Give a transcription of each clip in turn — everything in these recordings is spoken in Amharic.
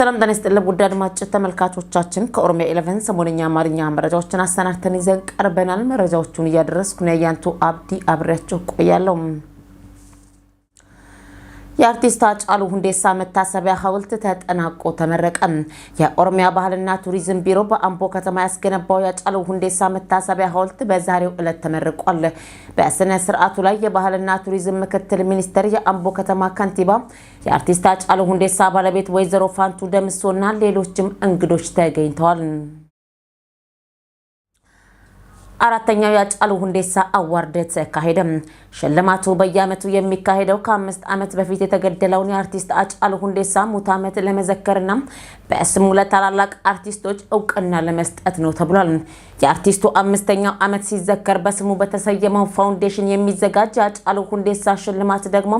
ሰላም ጤና ይስጥልን ውድ አድማጭ ተመልካቾቻችን፣ ከኦሮሚያ ኢለቨን ሰሞነኛ አማርኛ መረጃዎችን አሰናድተን ይዘን ቀርበናል። መረጃዎቹን እያደረስኩ ነው ያንቱ አብዲ አብሬያችሁ ቆያለሁ። የአርቲስት ሃጫሉ ሁንዴሳ መታሰቢያ ሐውልት ተጠናቆ ተመረቀም። የኦሮሚያ ባህልና ቱሪዝም ቢሮ በአምቦ ከተማ ያስገነባው የሃጫሉ ሁንዴሳ መታሰቢያ ሐውልት በዛሬው ዕለት ተመርቋል። በስነ ስርዓቱ ላይ የባህልና ቱሪዝም ምክትል ሚኒስትር፣ የአምቦ ከተማ ከንቲባ፣ የአርቲስት ሃጫሉ ሁንዴሳ ባለቤት ወይዘሮ ፋንቱ ደምሶና ሌሎችም እንግዶች ተገኝተዋል። አራተኛው የአጫሉ ሁንዴሳ አዋርድ ተካሄደ። ሽልማቱ በየዓመቱ የሚካሄደው ከአምስት ዓመት በፊት የተገደለውን የአርቲስት አጫሉ ሁንዴሳ ሙት ዓመት ለመዘከርና በስሙ ለታላላቅ አርቲስቶች እውቅና ለመስጠት ነው ተብሏል። የአርቲስቱ አምስተኛው ዓመት ሲዘከር በስሙ በተሰየመው ፋውንዴሽን የሚዘጋጅ የአጫሉ ሁንዴሳ ሽልማት ደግሞ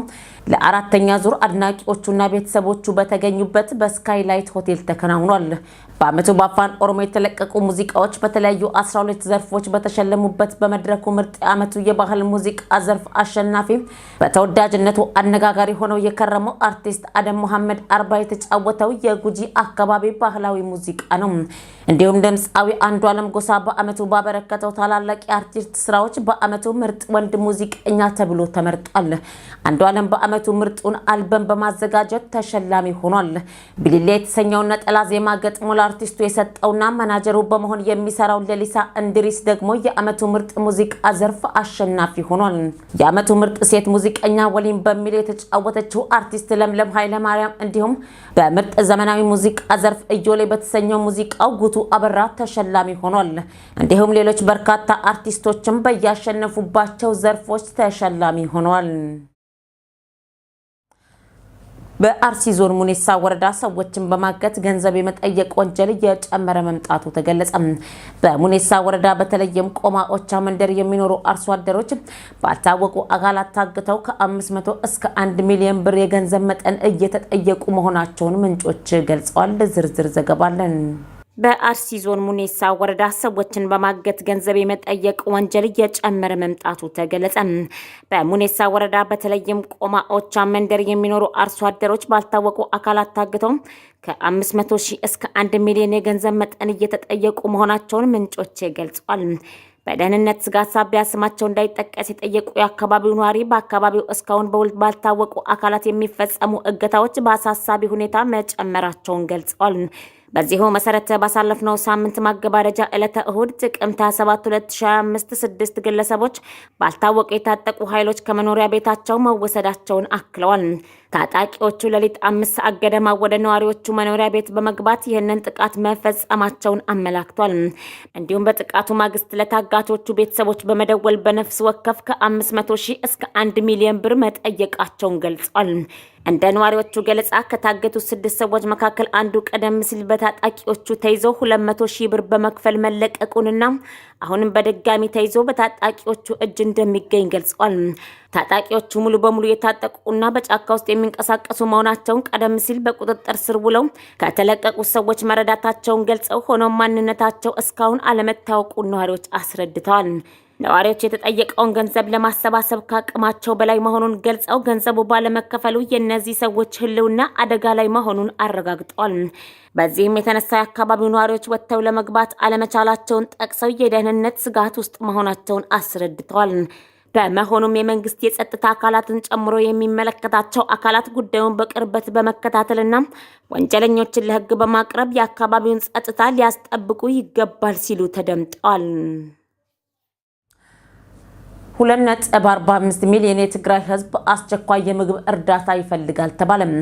ለአራተኛ ዙር አድናቂዎቹና ቤተሰቦቹ በተገኙበት በስካይላይት ሆቴል ተከናውኗል። በዓመቱ በአፋን ኦሮሞ የተለቀቁ ሙዚቃዎች በተለያዩ 12 ዘርፎች በተ በተሸለሙበት በመድረኩ ምርጥ የዓመቱ የባህል ሙዚቃ ዘርፍ አሸናፊ በተወዳጅነቱ አነጋጋሪ ሆነው የከረመው አርቲስት አደም መሐመድ አርባ የተጫወተው የጉጂ አካባቢ ባህላዊ ሙዚቃ ነው። እንዲሁም ድምፃዊ አንዱ አለም ጎሳ በዓመቱ ባበረከተው ታላላቅ የአርቲስት ስራዎች በዓመቱ ምርጥ ወንድ ሙዚቀኛ ተብሎ ተመርጧል። አንዱ አለም በዓመቱ ምርጡን አልበም በማዘጋጀት ተሸላሚ ሆኗል። ብሊሌ የተሰኘውን ነጠላ ዜማ ገጥሞ ለአርቲስቱ የሰጠውና መናጀሩ በመሆን የሚሰራው ሌሊሳ እንድሪስ ደግሞ የዓመቱ ምርጥ ሙዚቃ ዘርፍ አሸናፊ ሆኗል። የዓመቱ ምርጥ ሴት ሙዚቀኛ ወሊን በሚል የተጫወተችው አርቲስት ለምለም ኃይለማርያም እንዲሁም በምርጥ ዘመናዊ ሙዚቃ ዘርፍ እዮሌ በተሰኘው ሙዚቃው ጉቱ አበራ ተሸላሚ ሆኗል። እንዲሁም ሌሎች በርካታ አርቲስቶችም በያሸነፉባቸው ዘርፎች ተሸላሚ ሆኗል። በአርሲ ዞን ሙኔሳ ወረዳ ሰዎችን በማገት ገንዘብ የመጠየቅ ወንጀል እየጨመረ መምጣቱ ተገለጸ። በሙኔሳ ወረዳ በተለይም ቆማ ኦቻ መንደር የሚኖሩ አርሶ አደሮች ባልታወቁ አካላት ታግተው ከ500 እስከ 1 ሚሊዮን ብር የገንዘብ መጠን እየተጠየቁ መሆናቸውን ምንጮች ገልጸዋል። ዝርዝር ዘገባ አለን። በአርሲ ዞን ሙኔሳ ወረዳ ሰዎችን በማገት ገንዘብ የመጠየቅ ወንጀል እየጨመረ መምጣቱ ተገለጸ። በሙኔሳ ወረዳ በተለይም ቆማ ኦቻ መንደር የሚኖሩ አርሶ አደሮች ባልታወቁ አካላት ታግተው ከ500 ሺህ እስከ 1 ሚሊዮን የገንዘብ መጠን እየተጠየቁ መሆናቸውን ምንጮቼ ገልጸዋል። በደህንነት ስጋት ሳቢያ ስማቸው እንዳይጠቀስ የጠየቁ የአካባቢው ነዋሪ በአካባቢው እስካሁን በውል ባልታወቁ አካላት የሚፈጸሙ እገታዎች በአሳሳቢ ሁኔታ መጨመራቸውን ገልጸዋል። በዚሁ መሰረት ባሳለፍነው ሳምንት ማገባደጃ ዕለተ እሁድ ጥቅምት 27 2025 ስድስት ግለሰቦች ባልታወቁ የታጠቁ ኃይሎች ከመኖሪያ ቤታቸው መወሰዳቸውን አክለዋል። ታጣቂዎቹ ሌሊት አምስት ሰዓት ገደማ ወደ ነዋሪዎቹ መኖሪያ ቤት በመግባት ይህንን ጥቃት መፈጸማቸውን አመላክቷል። እንዲሁም በጥቃቱ ማግስት ለታጋቾቹ ቤተሰቦች በመደወል በነፍስ ወከፍ ከ500 ሺህ እስከ 1 ሚሊዮን ብር መጠየቃቸውን ገልጿል። እንደ ነዋሪዎቹ ገለጻ ከታገቱት ስድስት ሰዎች መካከል አንዱ ቀደም ሲል በታጣቂዎቹ ተይዞ 200 ሺህ ብር በመክፈል መለቀቁንና አሁንም በድጋሚ ተይዞ በታጣቂዎቹ እጅ እንደሚገኝ ገልጸዋል። ታጣቂዎቹ ሙሉ በሙሉ የታጠቁና በጫካ ውስጥ የሚንቀሳቀሱ መሆናቸውን ቀደም ሲል በቁጥጥር ስር ውለው ከተለቀቁ ሰዎች መረዳታቸውን ገልጸው ሆኖም ማንነታቸው እስካሁን አለመታወቁን ነዋሪዎች አስረድተዋል። ነዋሪዎች የተጠየቀውን ገንዘብ ለማሰባሰብ ከአቅማቸው በላይ መሆኑን ገልጸው ገንዘቡ ባለመከፈሉ የእነዚህ ሰዎች ሕልውና አደጋ ላይ መሆኑን አረጋግጠዋል። በዚህም የተነሳ የአካባቢው ነዋሪዎች ወጥተው ለመግባት አለመቻላቸውን ጠቅሰው የደህንነት ስጋት ውስጥ መሆናቸውን አስረድተዋል። በመሆኑም የመንግስት የጸጥታ አካላትን ጨምሮ የሚመለከታቸው አካላት ጉዳዩን በቅርበት በመከታተልና ወንጀለኞችን ለህግ በማቅረብ የአካባቢውን ጸጥታ ሊያስጠብቁ ይገባል ሲሉ ተደምጠዋል። 2.45 ሚሊዮን የትግራይ ህዝብ አስቸኳይ የምግብ እርዳታ ይፈልጋል ተባለም።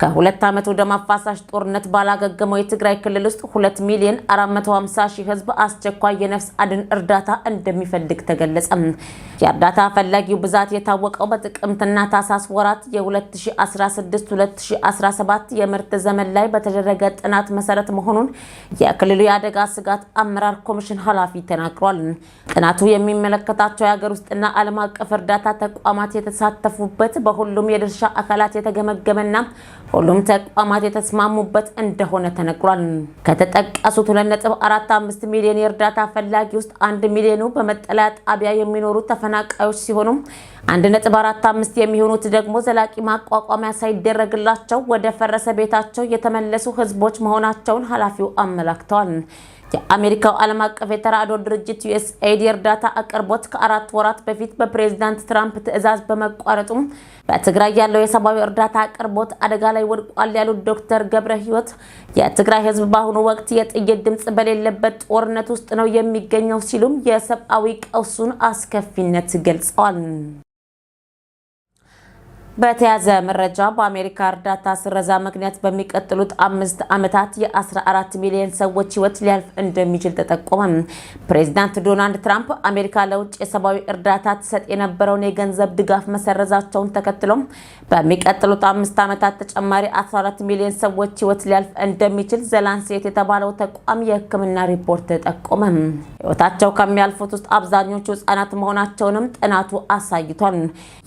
ከሁለት ዓመት ወደ ማፋሳሽ ጦርነት ባላገገመው የትግራይ ክልል ውስጥ 2 ሚሊዮን 450 ሺህ ህዝብ አስቸኳይ የነፍስ አድን እርዳታ እንደሚፈልግ ተገለጸ። የእርዳታ ፈላጊው ብዛት የታወቀው በጥቅምትና ታሳስ ወራት የ2016-2017 የምርት ዘመን ላይ በተደረገ ጥናት መሰረት መሆኑን የክልሉ የአደጋ ስጋት አመራር ኮሚሽን ኃላፊ ተናግሯል። ጥናቱ የሚመለከታቸው የሀገር ውስጥና የኢትዮጵያና ዓለም አቀፍ እርዳታ ተቋማት የተሳተፉበት በሁሉም የድርሻ አካላት የተገመገመና ሁሉም ተቋማት የተስማሙበት እንደሆነ ተነግሯል። ከተጠቀሱት 2.45 ሚሊዮን የእርዳታ ፈላጊ ውስጥ 1 ሚሊዮኑ በመጠለያ ጣቢያ የሚኖሩ ተፈናቃዮች ሲሆኑ 1.45 የሚሆኑት ደግሞ ዘላቂ ማቋቋሚያ ሳይደረግላቸው ወደ ፈረሰ ቤታቸው የተመለሱ ህዝቦች መሆናቸውን ኃላፊው አመላክተዋል። የአሜሪካው ዓለም አቀፍ የተራድኦ ድርጅት ዩኤስኤይድ የእርዳታ አቅርቦት ከአራት ወራት በፊት በፕሬዝዳንት ትራምፕ ትዕዛዝ በመቋረጡ በትግራይ ያለው የሰብአዊ እርዳታ አቅርቦት አደጋ ላይ ወድቋል ያሉት ዶክተር ገብረ ህይወት የትግራይ ህዝብ በአሁኑ ወቅት የጥይት ድምፅ በሌለበት ጦርነት ውስጥ ነው የሚገኘው ሲሉም የሰብአዊ ቀውሱን አስከፊነት ገልጸዋል። በተያዘ መረጃ በአሜሪካ እርዳታ ስረዛ ምክንያት በሚቀጥሉት አምስት ዓመታት የ14 ሚሊዮን ሰዎች ሕይወት ሊያልፍ እንደሚችል ተጠቆመ። ፕሬዚዳንት ዶናልድ ትራምፕ አሜሪካ ለውጭ የሰብአዊ እርዳታ ትሰጥ የነበረውን የገንዘብ ድጋፍ መሰረዛቸውን ተከትሎም በሚቀጥሉት አምስት ዓመታት ተጨማሪ 14 ሚሊዮን ሰዎች ሕይወት ሊያልፍ እንደሚችል ዘላንሴት የተባለው ተቋም የሕክምና ሪፖርት ተጠቆመ። ሕይወታቸው ከሚያልፉት ውስጥ አብዛኞቹ ሕጻናት መሆናቸውንም ጥናቱ አሳይቷል።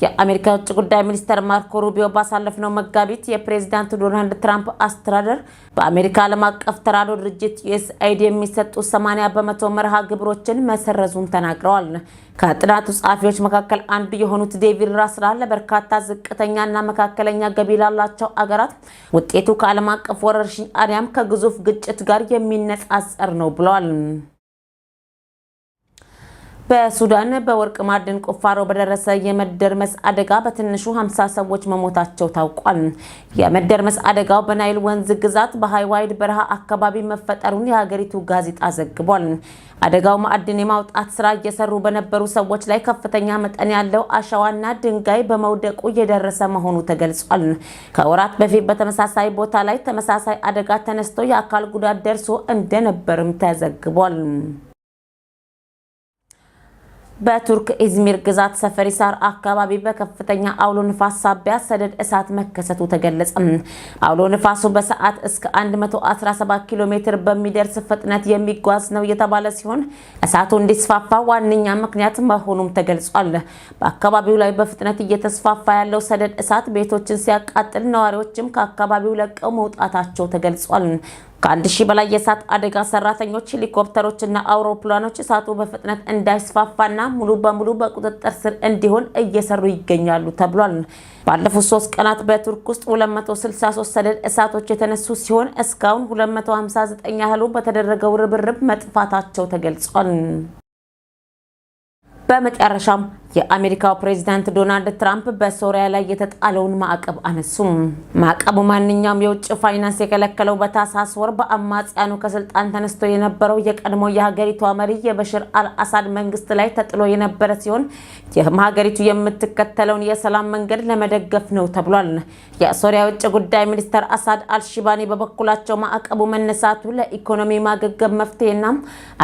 የአሜሪካ የውጭ ጉዳይ ሚኒስተር ሴናተር ማርኮ ሩቢዮ ባሳለፍነው መጋቢት የፕሬዚዳንት ዶናልድ ትራምፕ አስተዳደር በአሜሪካ ዓለም አቀፍ ተራድኦ ድርጅት ዩኤስአይዲ የሚሰጡ 80 በመቶ መርሃ ግብሮችን መሰረዙን ተናግረዋል። ከጥናቱ ጸሐፊዎች መካከል አንዱ የሆኑት ዴቪድ ራስላ ለበርካታ ዝቅተኛና መካከለኛ ገቢ ላላቸው አገራት ውጤቱ ከዓለም አቀፍ ወረርሽኝ አሊያም ከግዙፍ ግጭት ጋር የሚነጻጸር ነው ብለዋል። በሱዳን በወርቅ ማዕድን ቁፋሮ በደረሰ የመደርመስ አደጋ በትንሹ 50 ሰዎች መሞታቸው ታውቋል። የመደርመስ አደጋው በናይል ወንዝ ግዛት በሃይዋይድ በረሃ አካባቢ መፈጠሩን የሀገሪቱ ጋዜጣ ዘግቧል። አደጋው ማዕድን የማውጣት ስራ እየሰሩ በነበሩ ሰዎች ላይ ከፍተኛ መጠን ያለው አሸዋና ድንጋይ በመውደቁ እየደረሰ መሆኑ ተገልጿል። ከወራት በፊት በተመሳሳይ ቦታ ላይ ተመሳሳይ አደጋ ተነስቶ የአካል ጉዳት ደርሶ እንደነበርም ተዘግቧል። በቱርክ ኢዝሚር ግዛት ሰፈሪሳር አካባቢ በከፍተኛ አውሎ ንፋስ ሳቢያ ሰደድ እሳት መከሰቱ ተገለጸ። አውሎ ንፋሱ በሰዓት እስከ 117 ኪሎ ሜትር በሚደርስ ፍጥነት የሚጓዝ ነው የተባለ ሲሆን እሳቱ እንዲስፋፋ ዋነኛ ምክንያት መሆኑም ተገልጿል። በአካባቢው ላይ በፍጥነት እየተስፋፋ ያለው ሰደድ እሳት ቤቶችን ሲያቃጥል፣ ነዋሪዎችም ከአካባቢው ለቀው መውጣታቸው ተገልጿል። ከአንድ ሺህ በላይ የእሳት አደጋ ሰራተኞች፣ ሄሊኮፕተሮችና አውሮፕላኖች እሳቱ በፍጥነት እንዳይስፋፋና ሙሉ በሙሉ በቁጥጥር ስር እንዲሆን እየሰሩ ይገኛሉ ተብሏል። ባለፉት ሶስት ቀናት በቱርክ ውስጥ 263 ሰደድ እሳቶች የተነሱ ሲሆን እስካሁን 259 ያህሉ በተደረገው ርብርብ መጥፋታቸው ተገልጿል። በመጨረሻም የአሜሪካው ፕሬዚዳንት ዶናልድ ትራምፕ በሶሪያ ላይ የተጣለውን ማዕቀብ አነሱም። ማዕቀቡ ማንኛውም የውጭ ፋይናንስ የከለከለው በታህሳስ ወር በአማጽያኑ ከስልጣን ተነስቶ የነበረው የቀድሞ የሀገሪቷ መሪ የበሽር አልአሳድ መንግስት ላይ ተጥሎ የነበረ ሲሆን ይህም ሀገሪቱ የምትከተለውን የሰላም መንገድ ለመደገፍ ነው ተብሏል። የሶሪያ ውጭ ጉዳይ ሚኒስትር አሳድ አልሺባኒ በበኩላቸው ማዕቀቡ መነሳቱ ለኢኮኖሚ ማገገብ መፍትሄና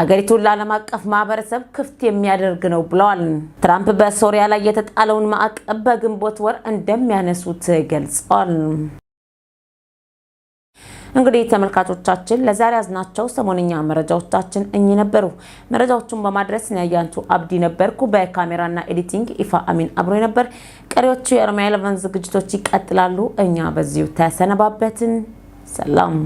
ሀገሪቱን ለዓለም አቀፍ ማህበረሰብ ክፍት የሚያደርግ ነው ብለዋል። ትራምፕ በሶሪያ ላይ የተጣለውን ማዕቀብ በግንቦት ወር እንደሚያነሱት ገልጿል። እንግዲህ ተመልካቾቻችን ለዛሬ ያዝናቸው ሰሞነኛ መረጃዎቻችን እኚህ ነበሩ። መረጃዎቹን በማድረስ ኒያያንቱ አብዲ ነበርኩ። በካሜራና ኤዲቲንግ ኢፋ አሚን አብሮ ነበር። ቀሪዎቹ የኦሮሚያ ኤሌቨን ዝግጅቶች ይቀጥላሉ። እኛ በዚሁ ተሰነባበትን። ሰላም